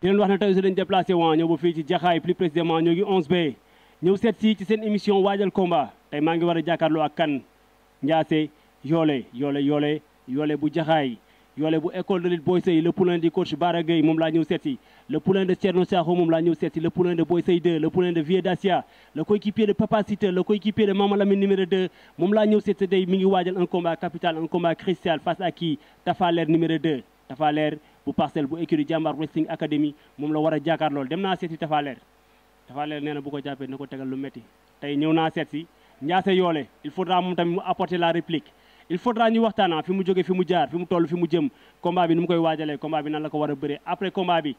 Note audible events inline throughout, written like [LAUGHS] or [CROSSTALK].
di leen wax ne tey su leen déplacé waa ñëw ci jaxaay plus précisément ñoo ngi 11B ñëw seet si ci seen émission waajal combat tey maa ngi war a jàkkaarloo ak kan Ndiassé Yolé Yolé Yolé Yolé bu jaxaay Yolé bu école de lutte Boy le poulain de coach Bara Gueye moom laa ñëw le poulain de Thierno Sakho moom laa ñëw seet le poulain de Boy 2 le poulain de Vie d'Asia, le coéquipier de Papa Cité le coéquipier de Maman Lamine numéro 2 moom laa ñëw seet si day mi ngi waajal un combat capital un combat crucial face à qui Tafaler numéro 2 Tafa Leer bu parcelle bu écurie jàmbaar wrestling academy moom la war a jaakaar loolu dem naa seet si Tapha Leer na bu ko jàppee na ko tegal lu métti tey ñëw naa seet si Ndiasse Yole il faudra moom tamit mu apporter la réplique il faudra ñu waxtaana ah fi mu jóge fi mu jaar fi mu toll fi mu jëm combat bi nu mu koy waajalee combat bi nan la ko war a bëree après combat bi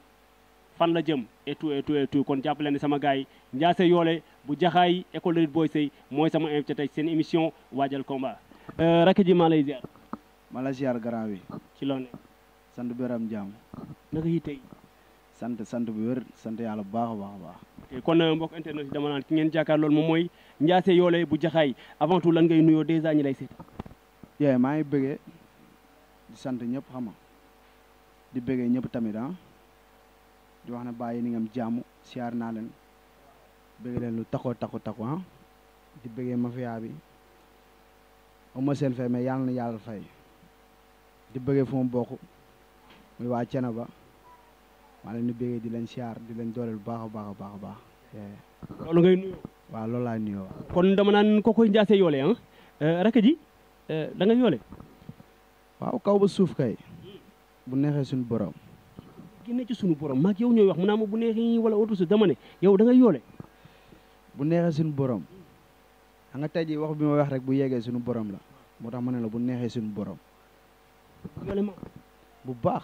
fan la jëm et tout et tout et tout kon jàpp leen ni sama gars yi Ndiasse bu jaxaay école de lutte Boy mooy sama invité tey seen émission waajal combat. Euh, rakk ji maa lay ziar. maa lay ziar grand bi. sant biram jaam naka yitey sant sant bu wér sant yàlla bu baax a baax a baax kon euh, mbokk internet yi dama naan ki ngeen jàkkaar loolu moom mooy Ndiassé Yole bu Jaxaay avant tout lan ngay nuyoo dèjà ñi lay seet yee maa ngi bëggee di sant ñëpp xama di bëggee ñëpp tamit ah di wax ne bàyyi ni ngam jaamu siyaar naa leen bëgg leen lu takkoo takku takku ah di bëggee mafia bi ama seen fay mais yàlla na yàlla fay di bëggee muy waa ba maa leen di bégee di leen siyaar di lañ dooleel bu baax a baax baax a baax. loolu ngay nuyoo. waaw loolu laa nuyoo. kon dama naan ko koy njaase yoole ah eh, rakk ji eh, da nga yoole. waaw kaw ba suuf kay. bu neexee suñu borom. génne ci suñu borom maag yow ñooy wax mu naa ma bu neexee wala autre si dama ne yow da yoole. bu neexee suñu borom. a nga tey jii wax bi ma wax rek bu yegee suñu borom la moo tax ma ne la bu neexee suñu borom. yoole ma bu baax.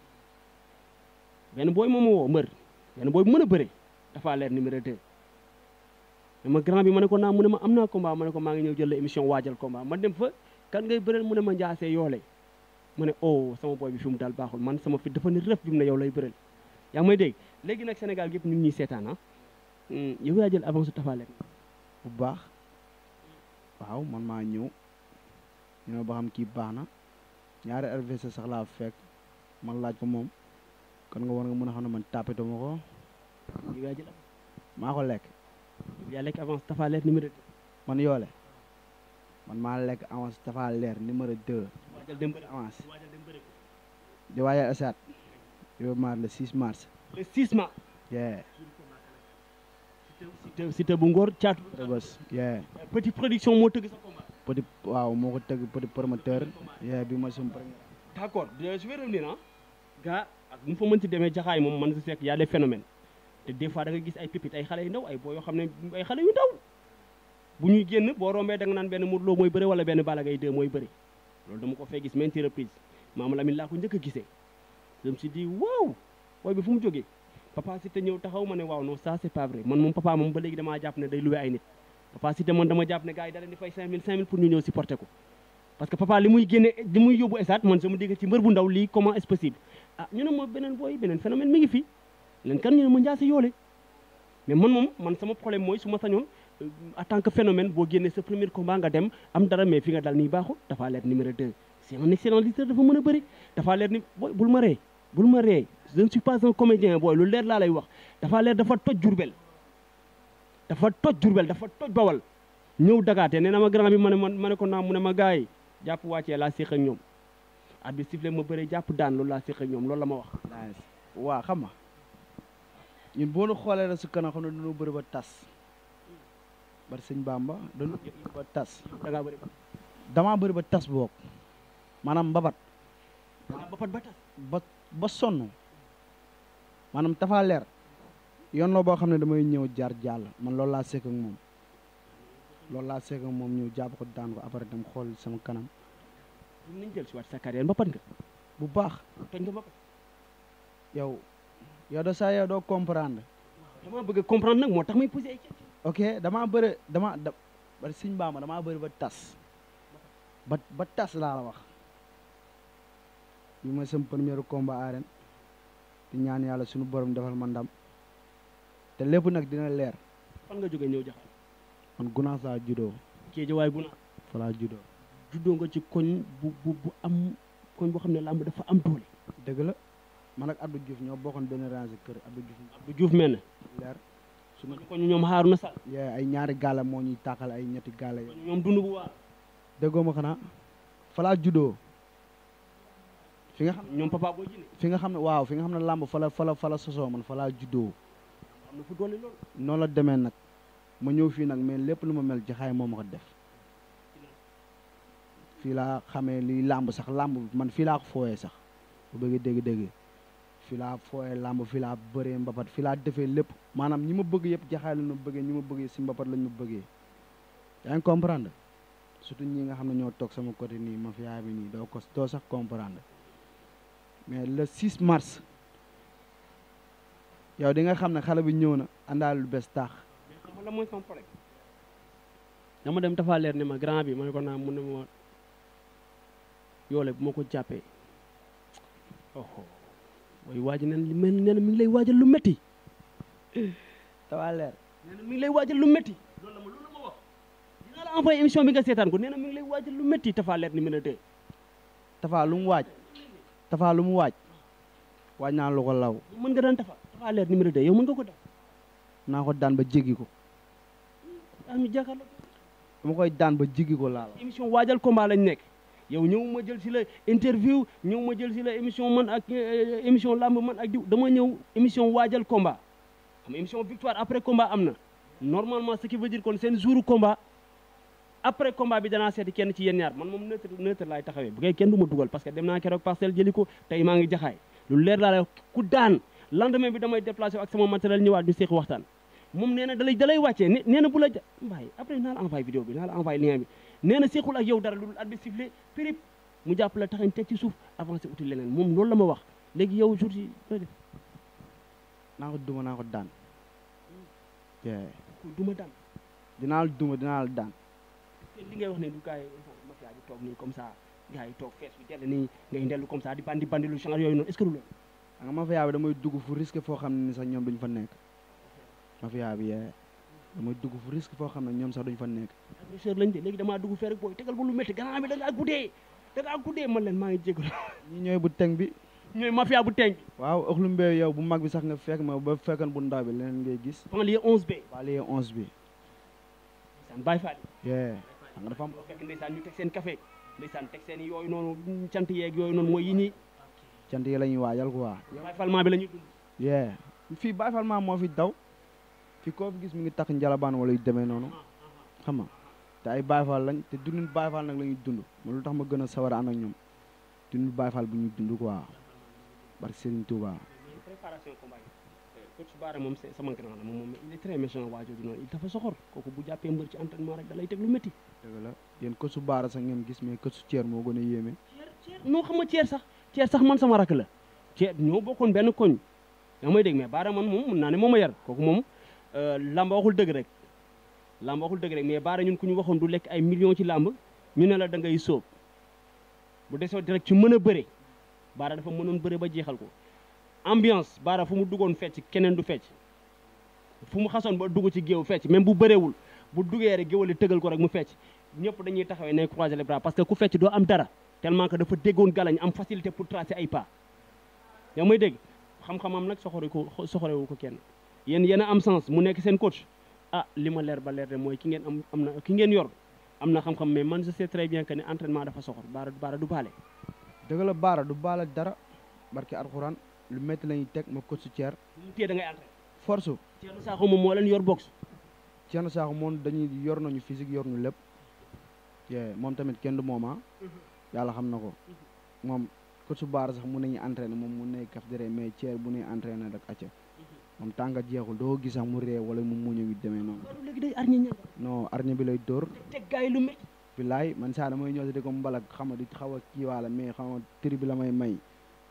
benn booy moom woo mbër benn booy bu mën a bëre dafa leer numéro 2. ma grand bi ma ne ko naa mu ne ma am naa combat ma ne ko maa ngi ñëw jël la émission waajal combat ma dem fa kan ngay bëreel mu ne ma njaasee yoole mu ne oh sama boy bi fi mu daal baaxul man sama fit dafa ne rëf bi mu ne yow lay bëreel yaa may dégg léegi nag Sénégal yëpp ñu ngi ñuy seetaan ah hmm, yow jël avance Tapha Lène bu baax waaw man maa ñëw ñu ne ba xam kii baax na ñaari adversaire sax laa fekk man laaj ko moom kon nga war nga mën a xam ne man tapé ma ko jigaa ji la maa ko lekk yaa lekk avance tafa leer numéro 2 man yoole man maa lekk avance tafa leer numéro 2 waajal dem bëri avance dem ko di waajal asat yow maar le 6 mars le 6 mars yeah cité bu ngor chat rebus yeah petit production mo teug sa combat petit waaw moko teug petit promoteur yeah bi ma sum premier d'accord je vais revenir hein gars ak bu mu fa mënti demee jaxaay moom man si fekk y a des te des fois gis ay pépite ay xale yu ndaw ay boo yoo xam ne ay xale yu ndaw bu ñuy génn boo rombee da naan benn Modou Lo mooy bëre wala benn Balla Gaye 2 mooy bëre loolu dama ko fee gis maintes reprises maama Lamine laa ko njëkk gisee je me suis dit bi fu mu jógee papa si ñëw taxaw ma ne waaw non ça c'est man moom papa moom ba léegi damaa jàpp ne day loué ay nit papa si li muy génne li ah ñu ne ma beneen booy beneen phénomène mi ngi fi leen kan ñu ne ma njaasi yoole mais man moom man sama problème mooy suma ma sañoon euh, en tant que phénomène boo génnee sa premier baa nga dem am dara mais fi nga dal nii baaxul dafa leer numéro 2 c'est un excellent lutteur dafa mën a bëri dafa leer bul ma ree bul ma ree je ne suis pas un comédien booy lu leer laa lay wax dafa leer dafa toj jurbel dafa toj jurbel dafa toj bawal ñëw dagaate nee na ma grand bi ma ne ma ne ko naa mu ne ma gars yi jàpp wàccee laa séq ak ñoom abi sifle mo beure japp daan loolu laa séq ak ñoom loolu la ma wax wa xam nga ñun bo nu xolé na su kanam xam do no beure ba tass bar sëñ bamba dañu bëri ba tass da nga beure ba dama beure ba tas boog manam mbabat mbabat ba tas ba ba sonn maanaam tafaa leer yoon lo bo xamne damay ñew jaar jàll man loolu laa séq ak mom loolu laa séq ak mom ñëw japp ko daan ko après dem xol sama kanam ñu suara jël bapak waat sa carrière bapak. nga bu baax toj nga mbapat yow yow da saa yow doo comprendre dama bëgg comprendre nag moo tax may posé ay ok dama bëri dama da bari sëñ baama dama bëri ba tas ba ba tas laa la wax bi ma sam premier combat arène di ñaan yàlla suñu borom defal ma ndam te lépp nag dina leer fan nga jóge ñëw jaxal man gunaas laa judoo gunaas juddoo nga ci koñ bu bu bu am koñ boo xam ne làmb dafa am doole. dëgg la man ak Abdou Diouf ñoo bokkoon benn rangé kër Abdou Diouf. Abdou Diouf mel na. su ma koñ ñoom xaaru na sax. ay ñaari gaala moo ñuy tàqal ay ñetti gaala yi. ñoom dund bu waar. déggoo ma xanaa falaa juddoo fi nga xam ne ñoom papa boo jëlee nga xam ne waaw fi nga xam ne làmb fala fala fala sosoo man falaa juddoo. am na fu doole noonu la demee nag ma ñëw fii nag mais lépp lu ma mel ci xaay moo ma def. fila laa xamee sak làmb sax lamb man fila laa ko fooyee sax bu bëggee dégg-dégg fila laa fooyee fila fii laa bëree mbapat fii laa defee lépp maanaam ñi bëgg yépp jaxal lañ ma bëggee ñi ma bëggee mbapat lañu bëggé yaa ngi comprendre surtout ñi nga xamné ñoo tok sama côté ni mafia bi ni do ko do sax comprendre mais le 6 mars yow di nga xamné ne bi ñëw na andal lu bees taax la moy sama dama dem ni ma grand bi mané ko na mu ne yoole bu ma ko jàppee oho mooy waaj nen li mel nee na lay waajal lu métti dawaa leer nee na lay waajal lu métti loolu la ma bi nga seetaan ko nee na mi lu métti Tapha Leer numéro 2 lu mu waaj Tapha lu mu waaj waaj naa lu ko law mën nga daan Tapha ko daan naa ko daan ba jéggi ko am ñu jàkkaarloo dama koy daan ba jéggi ko laal émission waajal combat nekk yow ñëw ma jël si la interview ñëw ma jël si la émission man ak euh, émission làmb man ak diw dama ñëw émission waajal combat xam émission victoire après combat am na normalement ce qui veut dire kon seen jouru combat après combat bi danaa seeti kenn ci yéen ñaar man moom neutre neutre laay taxawee bu kenn du ma dugal parce que dem naa keroog parcelle jëli ko tey maa ngi jaxaay lu leer laa lay ku daan lendemain bi damay déplacé ak sama matériel ñëwaat ñu seeq waxtaan moom nee na dalay dalay wàccee nee na bu la mbaay bi naa la envoyé bi nee na seexul ak yow dara lu dul at bi sifflé prip mu jàpp la taxañ teg ci suuf avancé uti leneen moom loolu la ma wax léegi yow jour yi naa ko duma naa ko daan hmm. ko duma daan dinaa la duma dinaa la li ngay wax ne du kaay mafia bi toog nii comme ça gars yi toog fees bi dell nii ngay dellu comme ça di bandi bandi lu change yooyu noonu est-ce que du loolu nga mafia bi damay dugg fu risque foo xam ne ni sax ñoom duñ fa nekk mafia bi yee damay dugg fu risque foo xam ne ñoom sax duñ fa nekk agresseur lañ de léegi dama dugg fee rek booy tegal ma lu métti gannaaw bi da ngaa guddee da ngaa guddee man leen maa ngi jégalu ñi ñooy bu teng bi ñooy mafia bu teng waaw ëxlu mbéy yow bu mag bi sax nga fekk ma ba fekkan bu ndaw bi leneen ngay gis lié 11 b lié 11 b san bàyyi faal yee nga dafa am fekk ndeysaan ñu teg seen café ndeysaan teg seen yooyu noonu cant yeeg yooyu noonu mooy yi ni cant yi la ñuy waajal quoi bàyyi falmaa bi la ñuy dund yee fii bàyyi falmaa moo fi daw fi koo fi gis mu ngi takk njalabaan wala yu demee noonu xam nga te ay Baay Faal lañ te dundin Baay Faal nag la dund man lu tax ma gën a sawar ànd ak ñoom dundin Baay Faal bu ñuy dund ko barke Serigne Touba. préparation combat coach moom sama grand la moom il est très méchant waajoo du dafa soxor kooku bu jàppee mbër ci entraînement rek da lay teg lu métti. dëgg la yéen coach Bara sax ngeen gis mais coach Thier moo gën a yéeme. noo xam ma Thier sax Thier sax man sama rakk la Thier ñoo bokkoon benn koñ yaa may dégg mais Bara man moom mun naa ne moo ma yar kooku moom. Euh, làmb waxul dëgg rek làmb waxul dëgg rek mais baara ñun ku ñu waxoon du lekk ay millions ci làmb ñu ne la dangay ngay sóob bu desoo rek ci mën a bëre baara dafa mënoon bëre ba jeexal ko ambiance baara fu mu duggoon fecc keneen du fecc fu mu xasoon ba dugg ci géew fecc même bu bërewul bu duggee rek géwal yi tëgal ko rek mu fecc ñëpp dañuy taxawee ne croiser les bras parce que ku fecc doo am dara tellement que dafa déggoon galañ am facilité pour tracer ay pas yaa may dégg xam nag soxore ko soxorewu ko kenn yéen yéen am sens mu nekk seen coach ah li ma leer ba leer de mooy ki ngeen am am na ki ngeen yor am na xam-xam mais man je sais très bien que ne entraînement dafa soxor baara baara du baale. dëgg la baara du baale dara barki alxuraan lu métti la ñuy teg ma coach Thier. mu téye da ngay entraîné. force. Thierno Sakho moom moo leen yor boxe. Thierno Sakho moom dañuy yor nañu physique yor ñu lépp moom tamit kenn du moom ah. mhm. yàlla xam na ko mhm. moom coach Baara sax mun nañu entraîné moom mun nañu kaf dire mais Thier bu ñuy entraîné rek acca moom tàngat jeexul doo gis sax mu ree wala mu muñu wi demee noonu. léegi day arñi ña non arñi bi lay dóor. bilaay man saa damay ñëw si di ko mbalak xam di xaw a kiiwaale mais xam nga tri bi la may may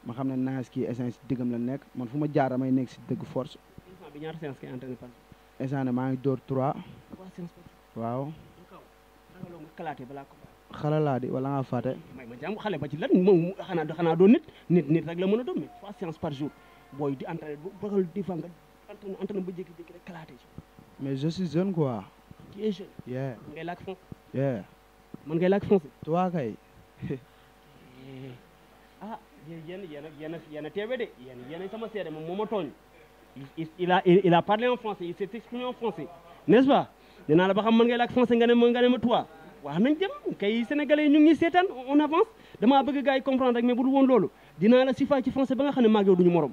ma xam ne naas kii essence la nekk man fu ma jaar damay nekk si dëgg force. instant bi ñaata séance ngay entraîné par instant ne maa ngi dóor 3. waaw. xalalaadi wala nga fàtte. may ma jàmm xale ba ci lan moom xanaa xanaa doo nit nit nit a boy di entraîné baxal des fois nga entraîné entraîné ba jékki-jékki rek kalaate ci mais je suis jeune quoi tu es jeune yeah mën ngay làkk français yeah mën ngay làkk français toi kay [LAUGHS] ah yéen yéen a yéen a dé a teewe sama seede moom moo ma il a il a parlé en français il s'est exprimé en français n'est-ce pas nee la ba xam man ngay lak français nga ne ma nga ne ma toi waaw nañ dem kay sénégalais ñu ngi sétane on avance dama bëgg gaay comprendre rek mais bu won lolu loolu dinaa la sifaay ci français ba nga xam ne maag duñu morom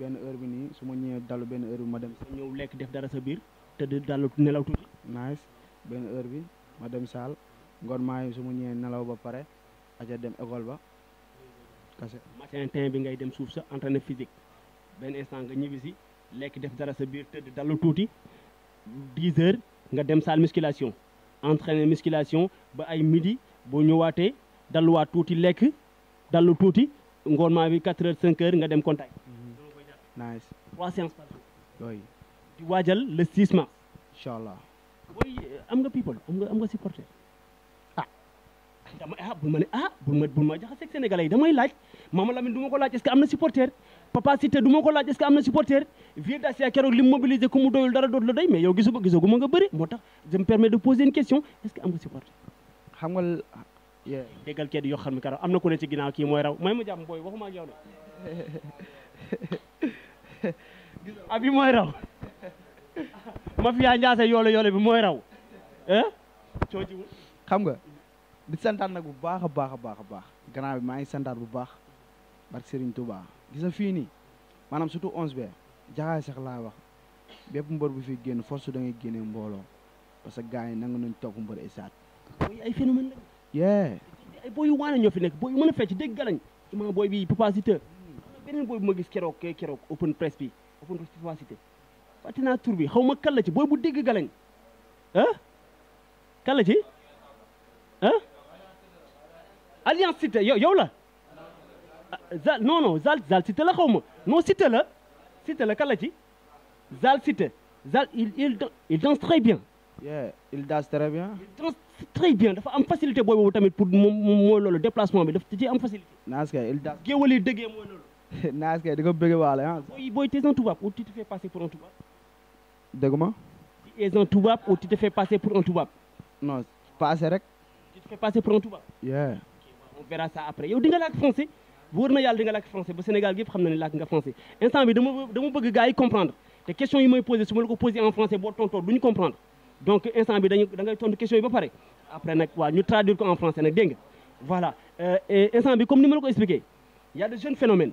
benn heure bi nii su ma ñëwee dalu benn heure bi ma dem. ñëw lekk def dara sa biir te di dalu nelaw tuuti. nice benn heure bi ma dem saal ngoon maa yi su ma ñëwee nelaw ba pare aja dem école ba kase. matin temps bi ngay dem suuf sa entraîné physique benn instant nga ñibbi si lekk def dara sa biir tëdd dalu tuuti 10 heures nga dem saal musculation entraîné musculation ba ay midi boo ñëwaatee dalluwaat tuuti lekk dallu tuuti ngoon maa bi 4 heures 5 heures nga dem contact. Mm-hmm. nice trois séances par jour. di waajal le 6 mars. incha allah. booy am nga people am nga am nga supporter. ah dama ah bul ma ne ah bul ma bul ma jaxaseeg Sénégalais damay laaj Mama la du ma ko laaj est am na supporter Papa Cité du ko laaj est-ce que am na supporter Vieux Dacia keroog li mu mobilisé mu doyul dara doot la doy mais yow gisu gisagu ma nga bëri moo tax je me permets de poser une question est-ce que am nga supporter. xam yoo xam ne keroog am na ku ne ci ginnaaw kii mooy raw may ma jàmm booy waxuma ak yow de. [LAUGHS] [LAUGHS] ab yi mooy raw yaa [LAUGHS] Ndiassé yoole yoole bi mooy raw eh xam nga di santaat nag bu baax a baax a baax a baax gannaaw bi maa ngi santaar bu baax barke Serigne Touba gis na fii nii maanaam surtout onze be jaxaay sax laa wax bépp mbër bu fi génn force da ngay génne mbooloo parce que gars yi nangu nañ topp mbër esaat booy ay phénomène lañ yee ay booy yu waane ñoo fi nekk boo yu mën a fecc dégg galañ ima booy bi Papa Siteu beneen boobu ma gis keroog keroog open press bi open press bi cité fàtte naa tur xaw ma kan la ci booy bu dégg galañ ah kan la ci ah alliance cité yow yow la ah, zal non non zal zal la xaw ma non la cité la kan la ci zal cité zal il il il danse très bien yeah il danse très bien il danse dafa am facilité booy boobu tamit pour moom mooy loolu déplacement bi daf ci am facilité naas yi dëggee mooy loolu [LAUGHS] naaj kay di ko bëgg waale ah. Boy, t'es un tubaab ou tu te fais passer pour un tubaab. dégg ma. tu es un tubaab ou tu te fais passer pour un tubaab. non passer rek. tu te fais passer pour un tubaab. yeah. on verra ça après yow di nga làkk français wóor na yàlla di nga làkk français ba Sénégal gi yëpp xam na nga français instant bi dama dama bëgg gars comprendre Les questions yi m'ont posées, su ma la poser posé en français boo tontoo duñu comprendre donc instant bi dañu da ngay tontu question ba après nag waaw ñu traduire ko en français nag dégg voilà euh, instant bi comme ni ma la ko Il y a de jeunes phénomènes.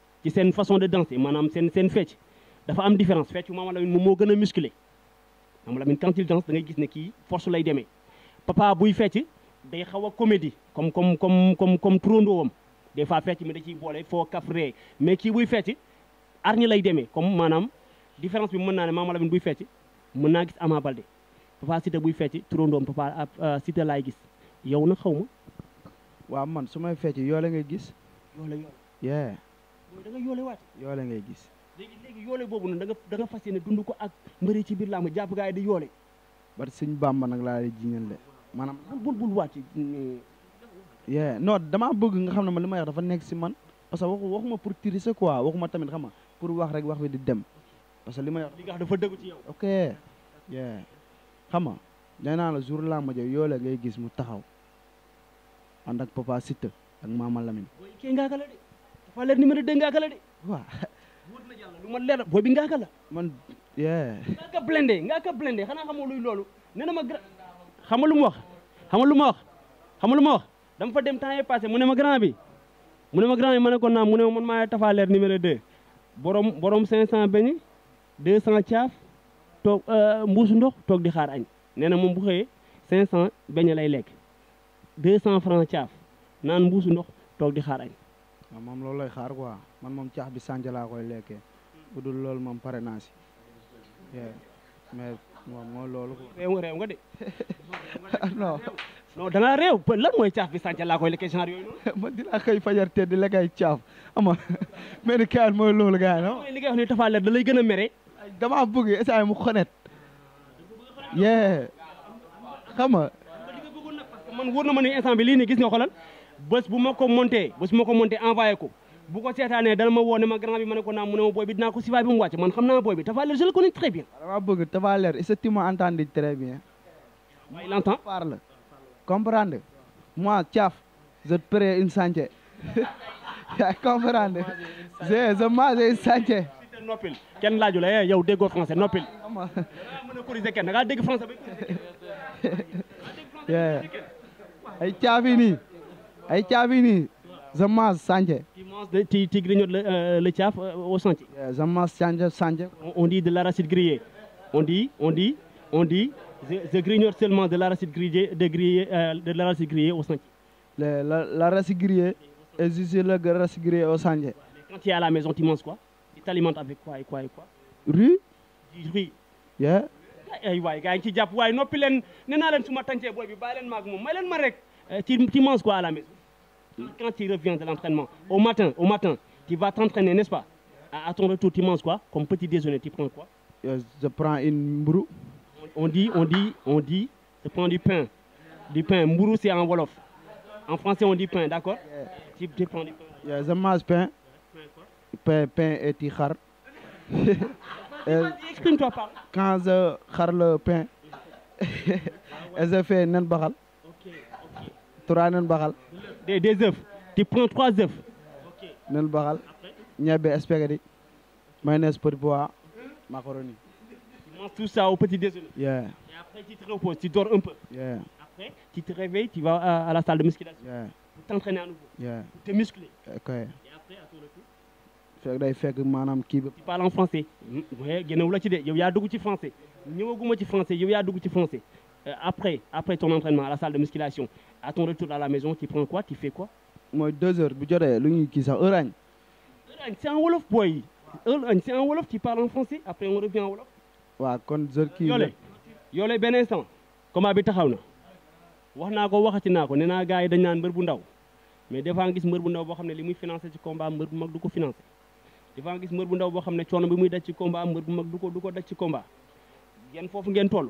ci une façon de danser maanaam seen seen fecc dafa am différence fête, Mama Lamine moom moo gën musclé Mama Lamine quand il danse da ngay gis ne ki force lay démé papa buy fecc day xawa comédie comme comme comme comme comme trondoowam des fois fecc mi da ci bolé fo kafré mais kii buy fecc arni lay démé comme manam différence bi mën naa ne Mama Lamine buy fecc mën naa gis Ama Baldé papa cité buy fecc trondom papa cité ah, ah, lay gis yow na xaw wa man su may fecc la ngay gis yoo la yeah. mooy da nga yole waat Yole ngay gis léegi léegi yoole boobu nag da nga da nga fas dund ko ak mbëri ci biir làmb jàpp gaay di yoole bar lay de maanaam bul bul wàcc Yeah, no, damaa bëgg nga xam ne ma li may wax dafa nekk si man parce que waxu waxuma pour tirise quoi waxuma tamit xam pour wax rek wax bi di dem parce que li may wax li nga xam dafa dëgg ci yow ok yee xam nga la jour ja ngay gis mu taxaw ak papa ak Lamine ka la de dafa leer numéro deux ngaaka la de waaw wóor ma leer boo bi ngaaka la man ngaaka blende ngaaka blende xanaa xamoo luy loolu nee na ma grand xama lu mu wax xama lu ma wax xama lu ma wax dama fa dem temps yee passé mu ne ma grand bi mu ne ma grand bi ma ne ko naam mu ne ma man maa Tapha Leer numéro deux borom borom cinq cent beñi deux cent caaf toog euh, mbuusu ndox toog di xaar añ nee na moom bu xëyee cent beñe lay lekk deux cent franc caaf naan mbuusu ndox toog di xaar añ waaw moom loolu lay xaar quoi man moom caax bi sànja laa koy lekkee hmm. bu dul lool moom pare naa si mais moom mooy loolu. réew nga réew nga de. [LAUGHS] non. non da ngaa réew lan mooy caaf bi sànja laa koy lekkee genre yooyu noonu. [LAUGHS] man dinaa xëy fajar te di lekk ay caaf ama [LAUGHS] mais ni kaay mooy loolu gars yi non. li ngay wax ni Tapha Leer da lay gën a mere. damaa bëgg essai mu xonet. yee xam nga. man wóor na ma ne instant lii nii gis nga xoolal. bés bu mako ko monté bés bu ma ko monté envoyé ko bu ko sétané dal ma woo ne ma grand bi ma ko na mu boy bi dina ko siwaay bi mu wàcc man xamna boy bi tafaler je le connais très bien. dama bëgg tafaler Leer est-ce que tu m'entends très bien. waaw il entend parle comprendre moi tiaf je te paie une santé yaa [LAUGHS] comprendre je je mange une santé. noppil kenn laaju la eh, yow dégo français nopil mën a corriger da ngaa dégg français ba. [LAUGHS] ay Thiaf yi I Chavini. Zamas Sanjay. Qui qui grignote euh, le, tchaf euh, au sentier. Zamas Sanje, Sanje. On, dit de la l'arachide grillée. On dit, on dit, on dit, je, grignote seulement de la l'arachide grillée, de, grillée, euh, de la l'arachide grillée au La L'arachide grillée, et existe le l'arachide grillée au sentier. Quand tu es à la maison, tu manges quoi Tu t'alimentes avec quoi et quoi et quoi Riz Riz. Yeah. ay waay gars yi ci jàpp waaye noppi leen nee naa leen su ma tàncee booy bi bàyyi leen maag moom may leen ma rek ci ci quoi à la maison quand tu reviens de l'entraînement, au matin, au matin, tu vas t'entraîner, n'est-ce pas à, ton retour, tu manges quoi Comme petit déjeuner, tu prends quoi euh, Je prends une mbrou. On dit, on dit, on dit, je prends du pain. Du pain, mbrou c'est en Wolof. En français, on dit pain, d'accord tu, prends du pain. je mange pain. Pain, pain et tichar. [LAUGHS] Exprime-toi par Quand je char le pain, ah [LAUGHS] je fais nan bagal. Ok, ok. Trois nan des, des œufs. Tu prends trois œufs. Nel baral, niabe spaghetti, mayonnaise petit pois, macaroni. Tu manges tout ça au petit déjeuner. Yeah. Et après tu te reposes, tu dors un peu. Yeah. Après tu te réveilles, tu vas euh, à, la salle de musculation. Yeah. Pour t'entraîner à nouveau. Yeah. Pour te muscler. Eh, ok. Et après à tu retour. que day fekk maanaam kii bi. tu parles en français. oui tu parles en yow ci français. Tu ci français yow ci français euh, après, après ton entraînement à la salle de musculation, à ton retour à la maison, tu prends quoi Tu fais quoi Moi, deux heures. C'est un Wolof, boy. C'est un Wolof qui parle en français. Après, on revient en Wolof. Ouais, quand Yolé, Yolé, ben instant. Comment habite Haouna wax naa ko waxati naa nena nee naa gars yi dañ naan mbër bu ndaw mais des fois nga gis mbër bu ndaw boo xam ne li muy financé ci combat mbër bu mag du ko financé des fois nga gis bu ndaw boo xam ne coono bi muy daj ci combat mbër bu mag du ko du ci combat ngeen fofu ngeen toll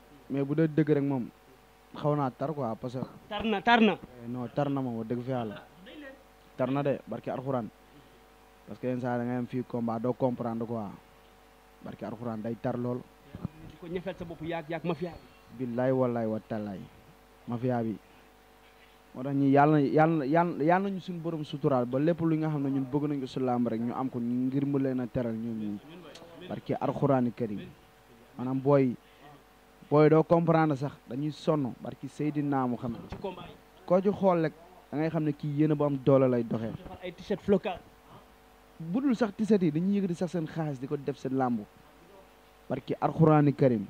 mais bu dee dëgg rek moom xawna tar quoi parce que. tarna tarna eh, non tarna na moom dëgg fi yalla tarna de barki alquran parce que yenn da ngay am fi combat do comprendre quoi barki alquran day tar lool. di ko ñëfal sa bop yaag yaag mafia billahi wallahi wa talaay mafia bi mo tax ñi yalla yalla yalla ñu suñu borom sutural ba lepp lu nga xamne ñun bëgg nañu ko su làmb rek ñu am ko ngir mu leena teral ñoom ñi barki alquran karim manam boy booy doo comprendre sax dañuy sonn barki Seydina Muhammad koo ci xool rek da ngay xam ne kii yéen a bu am doole lay doxee. ay t-shirt bu dul sax t-shirt yi dañuy yëkkati sax seen xaalis di ko def seen làmb barki alxuraani karim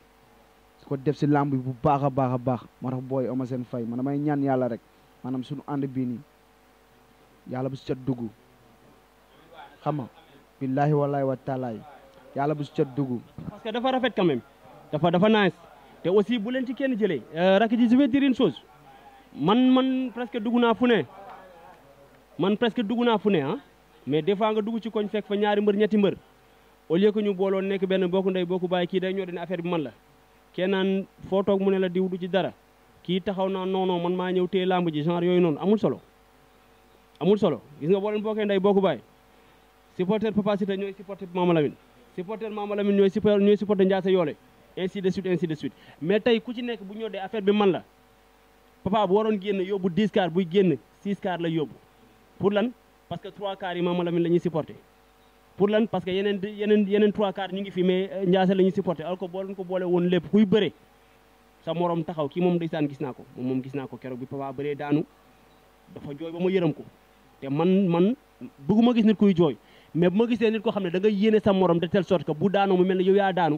di ko def si làmb bi bu baax a baax a baax moo tax booy oma seen fay man damay ñaan yàlla rek maanaam suñu ànd bii nii yàlla bu si ca dugg xam nga billaahi wallaahi wa taalaay yàlla bu si ca dugg. dafa rafet quand dafa dafa nice. te aussi bu leen ci kenn jëlee euh, rakk ji je vais dire une man man presque dugg naa fu ne man presque dugg naa fu ne ah mais des fois nga dugg ci koñ fekk fa ñaari mbër ñetti mbër au lieu que ñu booloon nekk benn bokku ndey bokku bàyyi kii day ñoo dene affaire bi man la kennaan foo toog mu ne la diw du ci dara kii taxaw naa non man maa ñëw téye làmb ji genre yooyu noonu amul solo amul solo gis nga boo leen bokkee ndey bokku bàyyi supporter Papa ainsi de suite ainsi ku ci nekk bu ñëw dee bi man la papa bu waroon génn yóbbu 10 car buy génn 6 car la yóbbu pour lan parce que 3 yi Mama Lamine la ñuy pour lan parce yeneen yeneen yeneen 3 ñu ngi fi mais euh, Ndiasse la ñuy supporté alors ko boole woon lépp kuy bëre sa morom taxaw kii moom ndeysaan gis naa ko moom gis naa ko keroog bi papa bëree daanu dafa jooy ba ma yërëm ko te man man bëgguma gis nit kuy jooy da nga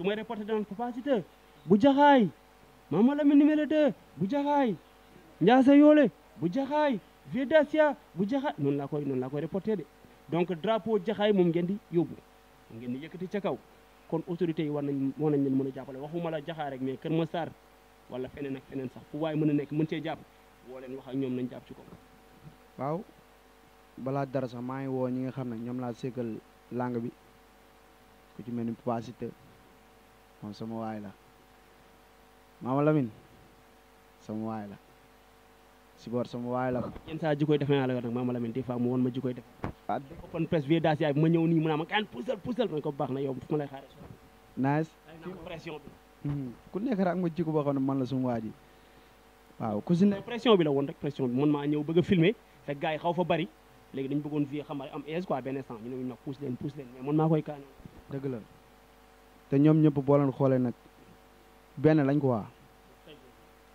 su may reporté danaan Papa Siteu bu jaxaay Mama Lamine numéro 2 bu jaxaay Ndiassa Yole bu jaxaay Vedasia bu jaxaay noonu laa koy noonu laa koy reporté de donc drapeau jaxaay moom ngeen di yóbbu moom ngeen di yëkkati ca kaw kon autorités yi war nañ war nañ leen mën a jàppale waxuma la jaxaay rek mais Kër Massar wala feneen ak feneen sax fu waay mën a nekk mën cee jàpp woo leen wax ak ñoom nañ jàpp ci ko waaw balaa dara sax maa ngi woo ñi nga xam ne ñoom laa sékkal langue bi ku ci mel ni Papa Siteu moom sama waay la maama Lamine sama waay la Sibor sama waay la. yenn saa ji koy defee naa la nag maama ma ji koy def. Ah. ma ñëw nii mu ne ma kaan puusal puusal baax na yow ma lay xaaree. nice. pression bi. Hmm. ku nekk rek ma ji ko boo xam man la suma waa ji waaw ku si nekk pression bi la woon rek pression bi man a filmer te gars yi xaw fa bari léegi dañu bëggoon vie xam am aise quoi benn instant maa koy kaanoo. dëgg la. te ñoom ñëpp boo xoole nag benn lañ ko waa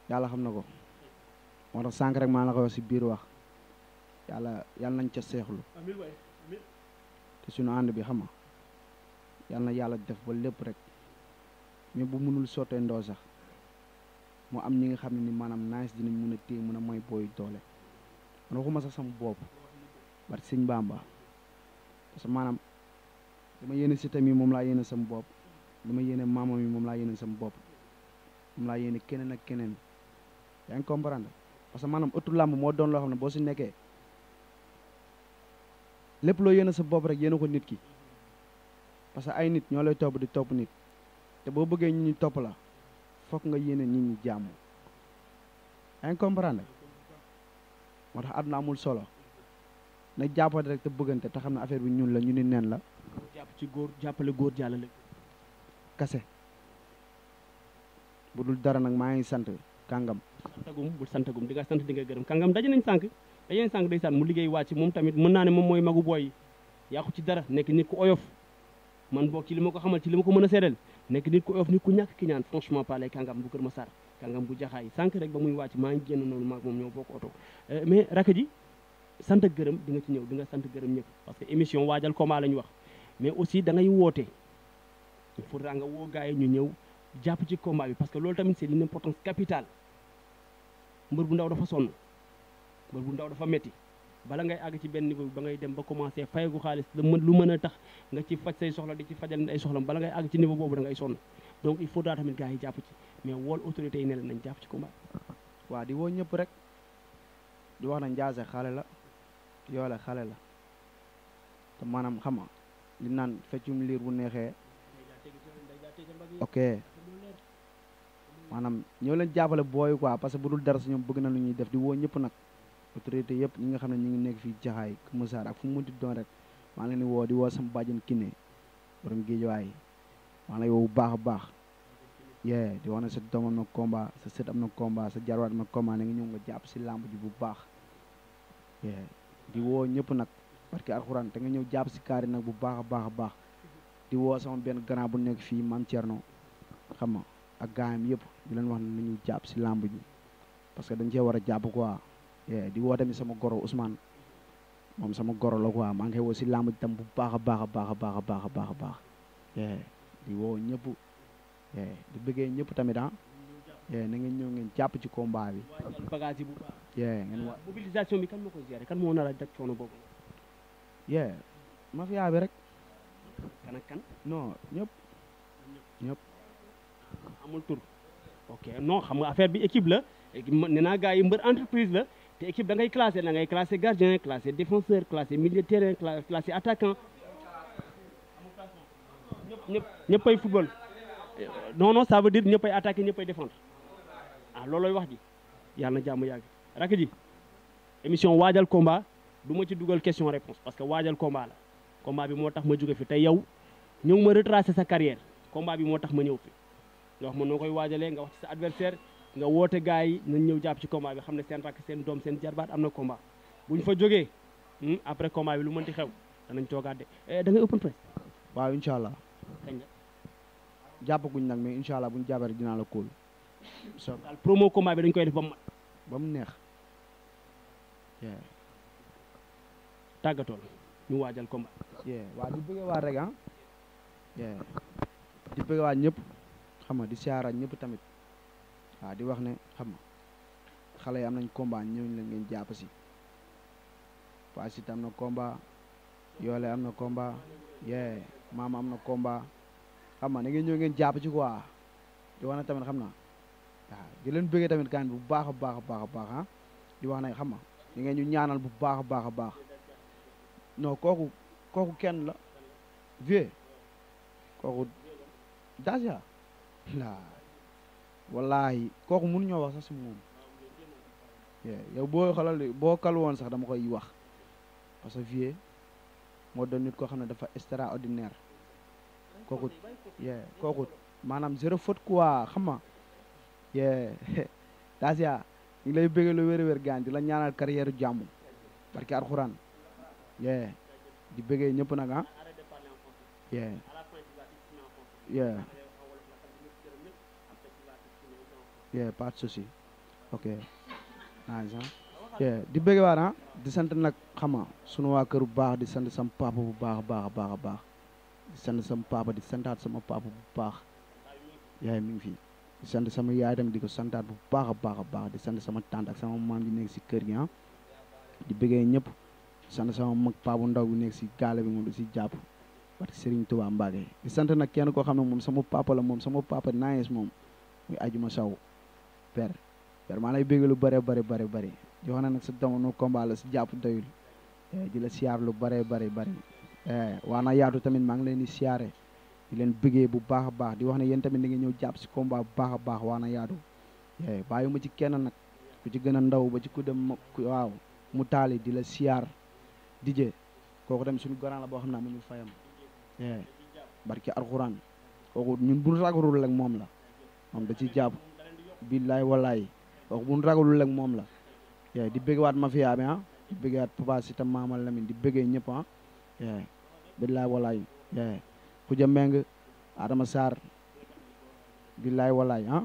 yàlla xam na ko moo tax sànq rek maa la wax si biir wax yàlla yàlla nañ ca seexlu te suñu ànd bi xam a yàlla na yàlla def ba lépp rek mais bu mënul sottee ndoo sax mu am ñi nga xam ne ni maanaam nice dinañ mën a téye mun a may booy doole man waxuma sax sama bopp bari sëñ Bamba parce que maanaam dama yéene si tamit moom laa yéene sama bopp li ma yéene maamam yi moom laa yéene sama bopp moom laa yéene keneen ak keneen yaa ngi comprendre parce que maanaam ëttu làmb moo doon loo xam ne boo si nekee lépp loo yéene sa bopp rek yéene ko nit ki parce que ay nit ñoo lay topp di topp nit te boo bëggee ñu ñu topp la fokk nga yéene nit ñi jàmm yaa ngi moo tax àdduna amul solo na jàppante rek te bëggante te xam na affaire bi ñun la ñu ni neen la jàpp ci góor jàppale góor jàllale kase bu dul dara nag maa ngi sant kàngam santagum bu santagum di nga sant di nga gërëm kàngam daje nañ sànq daje nañ sànq day saan mu liggéey ci moom tamit mën naa ne moom mooy magu booy yàqu ci dara nekk nit ku oyof man boog ci li ma ko xamal ci li ma ko mën a seedeel nekk nit ku oyof nit ku ñàkk ki ñaan franchement parler kàngam bu Kër Massar kàngam bu jaxaay sànq rek ba muy wàcc maa ngi génn noonu maag moom ñoo bokk oto euh, mais raka ji sant gërëm di nga ci ñëw di nga sant gërëm ñëpp parce que émission waajal combat la ñu wax il faudra nga woo gars yi ñu ñëw jàpp ci combat bi parce que loolu tamit c'est une importance capitale mbër bu ndaw dafa sonn mbër bu ndaw dafa metti bala ngay àgg ci benn niveau bi ba ngay dem ba commencé fayagu xaalis lu mën lu mën a tax nga ci faj say soxla di ci fajal nit ay soxlam bala ngay àgg ci niveau boobu da ngay sonn donc il faudra tamit gars yi jàpp ci mais wol autorité yi ne la nañ jàpp ci combat bi di woo ñëpp rek di wax na njaase xale la yoole xale la te maanaam xama li naan feccum liir bu neexee ok manam ñëw leen jàppale boy quoi parce que bu dul dara si ñoom bëgg na lu ñuy def di woo ñëpp nag autorité yëpp ñi nga xam ne ñu ngi nekk fii jaxaay Kër Massar ak fu mu di doon rek maa ngi leen di woo di woo sama bàjjen Kiné borom géejuwaay maa ngi lay woo bu baax a baax yee di wax ne sa doom am na combat sa set am na combat sa jarwaat am na combat nga ñëw nga jàpp si lamb ji bu baax yee di woo ñëpp nag barki que alxuraan te nga ñëw jàpp si kaari nag bu baax a baax a baax di woo sama benn grand bu nekk fii maam Thierno xam nga ak gaayam yëpp di leen wax ne nañu jàpp si làmb ji parce que dañ cee war a jàpp quoi di woo tamit sama goro Ousmane moom sama goro la ko maa ngi koy woo si làmb ji tam bu baax a baax a baax a baax baax a baax a baax di woo ñëpp di bëggee ñëpp tamit ah na ngeen ñëw ngeen jàpp ci combat yi bu baax. ngeen mobilisation bi kan moo koy a jag coono rek. kan ak kan. non ñep ñep amul tur. ok non xam nga affaire bi équipe la nee gaay mbeur entreprise la té équipe da ngay classer da ngay classer gardien classer défenseur classer milieu terrain classer attaquant ñep ñep ñëppay football euh, non non ça veut dire ñëppay attaqué ñëppay défendre ah loloy wax di yalla na jàmm yàgg rakk ji émission waajal combat duma ci dugal question réponse parce que waajal combat la combat bi moo tax ma jóge fi te yow ñëw ma retracer sa carrière combat bi moo tax ma ñëw fi nga wax ma noo koy waajalee nga wax ci sa adversaire nga woote gars yi nañ ñëw jàpp ci combat bi xam ne seen rakk seen doom seen jarbaat am na combat bu ñu fa jógee hmm, après combat bi lu mënti xew danañ toogaat de eh, da ngay open press waaw incha allah jàppaguñ nag mais incha allah bu ñu jàppee dinaa la kóol so daal promo combat bi dañ koy def ba mu ba mu neex tàggatool ñu waajal combat waa di bëggee waa rek ah di bëggee waa ñëpp xam nga di saara ñëpp tamit waa di wax ne xam xale yi am nañ combat ñëw la ngeen jàpp si Pacite am na komba yoole am na komba yee maama am na combat xam nga na ngeen ñëw ngeen jàpp ci quoi di wax ne tamit xam na waaw di leen bëggee tamit kaan bu baax a baax baax a baax ah di wax ne xam nga di ngeen ñu ñaanal bu baax baax a baax non kooku koku kenn la vieux koku daja la wallahi koku mun ñoo wax sax mom moom yow boo xalal bo kal won sax dama koy wax parce que vieux mo do nit ko xamne dafa extraordinaire kooku koku manam zero faute quoi xama nga [LAUGHS] daja ñu ngi lay bëgg lu wér-wér la ñaanal carrière jàmm parce ye yeah di bëggee ñëpp nag ah yeah yeah yeah pas de souci ok nice yeah di bëggee waar ah di sant nag xama sunu waa kër bu baax di sant ya, sama papa bu baax baax baax baax di sant sama papa ya. di santaat sama papa bu baax yaay mi ngi fi di sant sama yaay tamit di ko santaat bu baax bah baax baax di sant sama tante ak sama maam di nekk si kër gi ah di bëggee ñëpp sant sama mag paa bu ndaw bi nekk si gaale bi moom di si jàpp parce que Serigne Touba Mbacke di sant nag kenn koo xam ne moom sama papa la moom sama papa naages moom muy ajuma saw per per maa lay lu bare bare bare bare di na nag sa damanu combat la si jàpp doyul eh, di la siyaar lu bare bare bare eh, waa na yaatu tamit maa ngi leen di siyaare di leen bëggee bu baax a baax di wax ne yéen tamit da ngeen ñëw jàpp si combat bu baax baax waa na yaatu eh, bàyyi ma ci kenn nag ku ci gën a ndaw ba ci ku dem waaw mu taali di la siyaar DJ koku tamit suñu grand la bo xamna mu ñu fayam eh, barki alquran koku ñun buñ ragulul rek mom la mom da ci japp billahi wallahi koku buñ ragulul rek mom la eh, di bëggewaat mafia bi ha ah. di bëggewaat Papa Cité Mama Lamine di ha ah. eh billahi wallahi eh ku jëmeng Adama sar billahi wallahi ah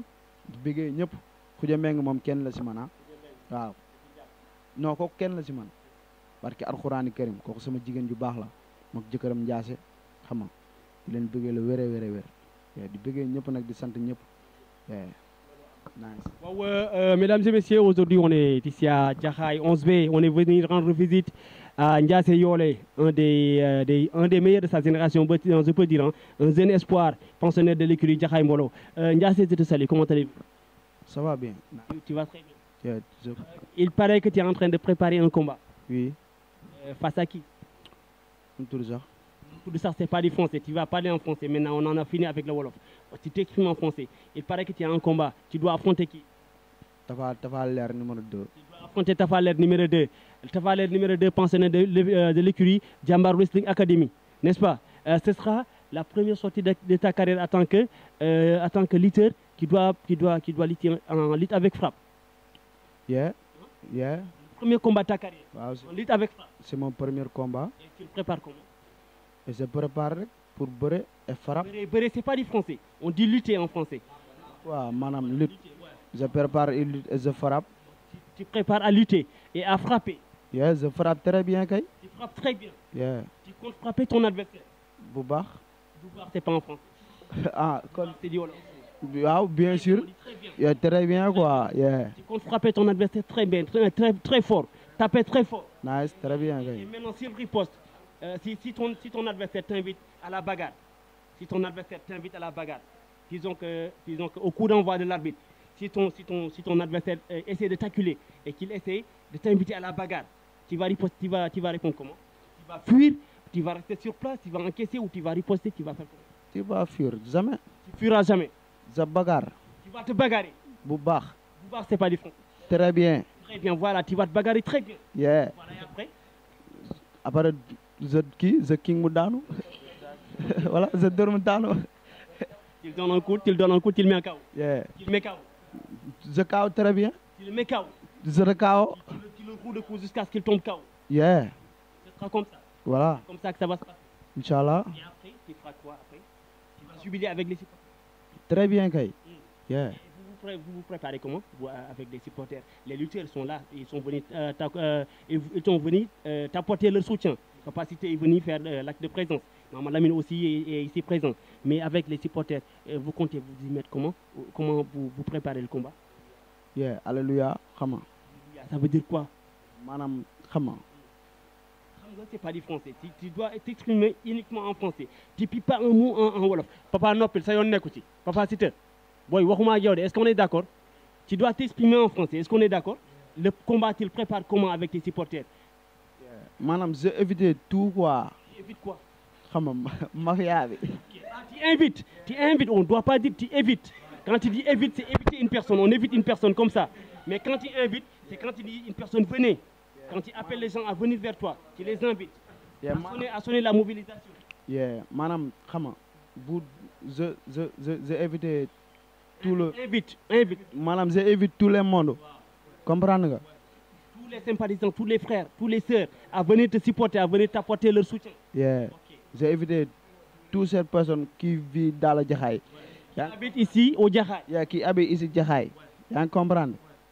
di nyep, ñepp ku jëmeng mom kenn la si man ah waaw non kenn la si man barki alcorane karim kooku sama jigen ju bax la mook jëkkëram njaase xam di len bëggee la wéré wére wér di bëggee ñëpp nak di sant ñëpp euh, euh, mesdames et messieurs aujourd'hui on est ici à Jaxaay 11B on est venu rendre visite à Ndiasse Yolé un des, euh, des un des meilleurs de sa génération je peux dire hein, un jeune espoir pensionnaire de l'écurie Jaxaay Mbolo euh, Ndiasse je te salue comment allez-vous ça va bien tu, tu vas très bien yeah, je... il paraît que tu es en train de préparer un combat oui euh, face à qui Tout ça. ce ça, c'est pas du français. Tu vas parler en français. Maintenant, on en a fini avec le Wolof. Tu t'exprimes en français. Il paraît que tu es en combat. Tu dois affronter qui Tafalère numéro 2. Tu dois affronter Tafalère numéro 2. Tafalère numéro 2, pensionnaire euh, de, l'écurie Jambar Wrestling Academy. N'est-ce pas euh, Ce sera la première sortie de, ta carrière en tant que, euh, que lutteur qui doit, qui doit, qui doit lutter en, lutte avec frappe. Yeah. Yeah premier combat de ta carrière. On lutte avec Franc. c'est mon premier combat. et tu le prépares comment. et je prépare pour brûler et frapper. bëre ce c'est pas du français on dit lutter en français. Quoi, madame lutte. je prépare et lutte et je frappe. tu prépares à lutter et à frapper. yeah je frappe très bien kay. tu frappes très bien. yeah. tu comptes frapper ton adversaire. Boubar? Boubar, c'est pas en français. [LAUGHS] ah comme. c'est du Hollande. Ah, bien sûr. très bien quoi. Yeah. Tu comptes frapper ton adversaire très bien, très, très, très fort. Taper très fort. Nice, très bien. Et maintenant, s'il riposte, euh, si, si, ton, si ton adversaire t'invite à la bagarre, si ton adversaire t'invite à la bagarre, disons que, disons que au coup d'envoi de l'arbitre, si ton, si, ton, si ton adversaire euh, essaie de t'acculer et qu'il essaie de t'inviter à la bagarre, tu vas, riposter, tu vas, tu vas répondre comment Tu vas fuir, tu vas rester sur place, tu vas encaisser ou tu vas riposter, tu vas faire quoi Tu vas fuir, jamais. Tu fuiras jamais. Je bagarre. Tu vas te bagarrer. Boubar. Boubar, c'est pas du fond. Très bien. Très bien, voilà, tu vas te bagarrer très bien. Yeah. Voilà, et après Après, je qui The King Moudano. [LAUGHS] voilà, je Dormoudano. Tu Il donne un coup, il donne un coup, il met un KO. Yeah. Il met KO. Je KO très bien. Il met KO. Je le KO. Tu le coup de coup jusqu'à ce qu'il tombe KO. Yeah. Ce sera comme ça. Voilà. comme ça que ça va se passer. Inch'Allah. Et après, tu feras quoi après Tu vas jubiler avec les Très bien, Kay. Mm. Yeah. Vous, vous préparez comment euh, avec des supporters Les lutteurs sont là, ils sont venus euh, euh, ils sont venus euh, t'apporter leur soutien. Capacité est venue faire l'acte de présence. Maman Lamine aussi est, ici présent. Mais avec les supporters, vous comptez vous y mettre comment Comment vous, vous préparez le combat Yeah, Alléluia, Khama. Ça veut dire quoi Madame Khaman ne dois pas du français tu dois t'exprimer uniquement en français tu peux pas un mot en wolof papa Nopel, ça y en ci papa Siteu Boy, waxuma est-ce qu'on est d'accord tu dois t'exprimer en français est-ce qu'on est d'accord le combat tu le prépares comment avec tes supporters Madame, je évité tout quoi évite quoi Je nga mafia ah, tu invites tu invites on ne doit pas dire tu évites quand tu dis évite c'est éviter une personne on évite une personne comme ça mais quand tu invites c'est quand tu dis une personne venez quand tu appelles les gens à venir vers toi, tu les invites à, sonner, la mobilisation. Yeah, madame, comment je, je, je, tout le. Invite, invite. Madame, je évite tout le monde. comprends? Comprendre Tous les sympathisants, tous les frères, tous les sœurs, à venir te supporter, à venir t'apporter leur soutien. Yeah. Okay. J'ai évité toutes ces personnes qui vivent dans le Djahaï. Qui habitent ici au Djahaï. Yeah, qui habitent ici au Djahaï. Ouais. Tu comprends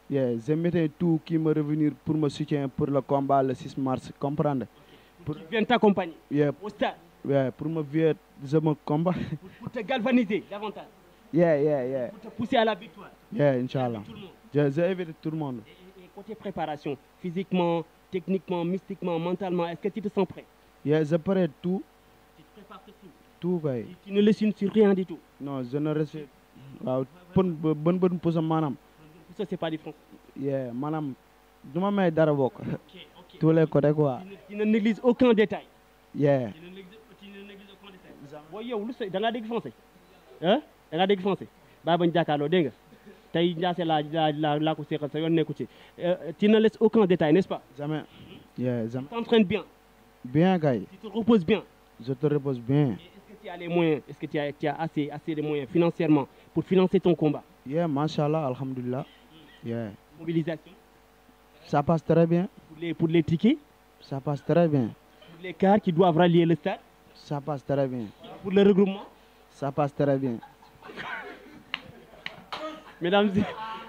Yeah, je tout qui me revenir pour me soutenir pour le combat le 6 mars, comprendre. Pour... viens vient t'accompagner yeah. au stade yeah, Pour me vivre, je me combat. Pour, te galvaniser davantage yeah, yeah, yeah. Pour te pousser à la victoire Yeah, Inch'Allah. Je, tout le monde. Et, côté préparation, physiquement, techniquement, mystiquement, mentalement, est-ce que tu te sens prêt yeah, Je prépare tout. Tu te prépares tout Tout, ouais. tu, ne laisses sur rien du tout Non, je ne reste... Bonne bonne position, madame ça c'est pas des Français yeah, maanaam du ma may dara bokk. Okay, okay. [LAUGHS] tous les côtés quoi. tu ne négliges aucun détail. yeah. tu ne négliges aucun détail. booy yow lu sa da ngaa dégg français. ah da ngaa dégg français baa bañ jàkkaarloo dégg nga tey njaase la la laa laa ko seexal sa yoon nekku ci euh, euh, tu ne laisses aucun détail n'est-ce pas. jamais hmm? yeah jamais. tu t'entraînes bien. bien gars tu te reposes bien. je te repose bien. tu as les moyens Est-ce que tu as, tu as assez, assez de moyens financièrement pour financer ton combat Yeah, mashallah, alhamdulillah. Mobilisation. Ça passe très bien. Pour les, tickets. Ça passe très bien. Pour les cars qui doivent rallier le stade. Ça passe très bien. Pour le regroupement. Ça passe très bien. [LAUGHS] mesdames,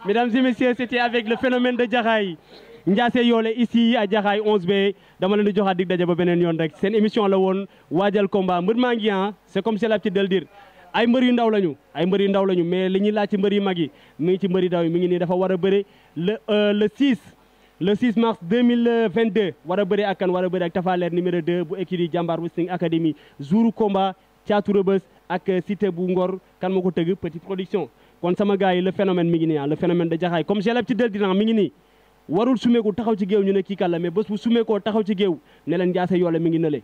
mesdames et messieurs, c'était avec le phénomène de Djaraï. Ndiassé Yolé ici à Djaraï 11B dama une di dig ba émission la won combat ah. c'est comme c'est la petite de le dire ay mbeur yu ndaw lañu ay mbeur yu ndaw lañu mais li ñuy mbeur ci yu mag yi mi ngi ci mbeur yu ndaw yi mi ngi ni dafa wara beure bëre le euh, le 6 le 6 mars 2022 wara beure bëre ak kan war a ak tafaler numéro 2 bu écurie jambar Wrestling Academy jouru combat Thiatou Rebeus ak Cité bu Ngor kan moo teug tëgg Petit Production kon sama gaay le phénomène mi ngi ni ah le phénomène de jaxay comme geleb ci del dinan mi ngi ni warul sumeeku taxaw ci géew ñu ne ki kala mais bés bu ko taxaw ci géew ne leen jaase yoole mi ngi nële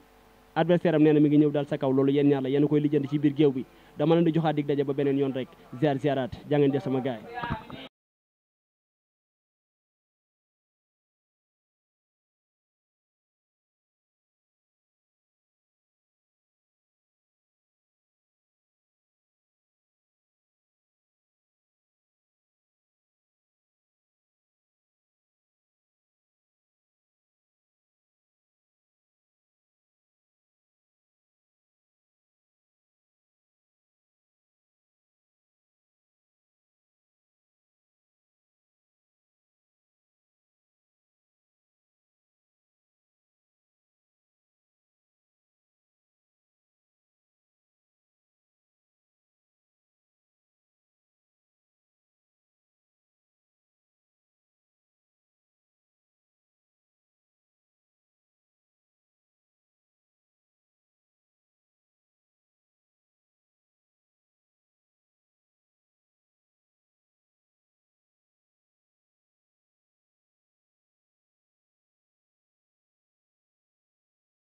adversaire am nee na mi ngi ñëw daal sa kaw loolu yéen ñaar la yéen a koy lijjanti ci biir géew bi dama leen di joxaat dig daje ba beneen yoon rek ziar ziaraat jàngeen jëf sama gaay